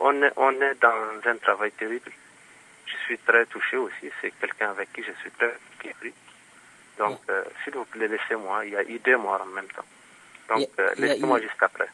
on est, on est dans un travail terrible. Je suis très touché aussi. C'est quelqu'un avec qui je suis très pris. Donc, euh, s'il vous plaît, laissez-moi. Il y a eu deux morts en même temps. Donc, euh, laissez-moi juste après.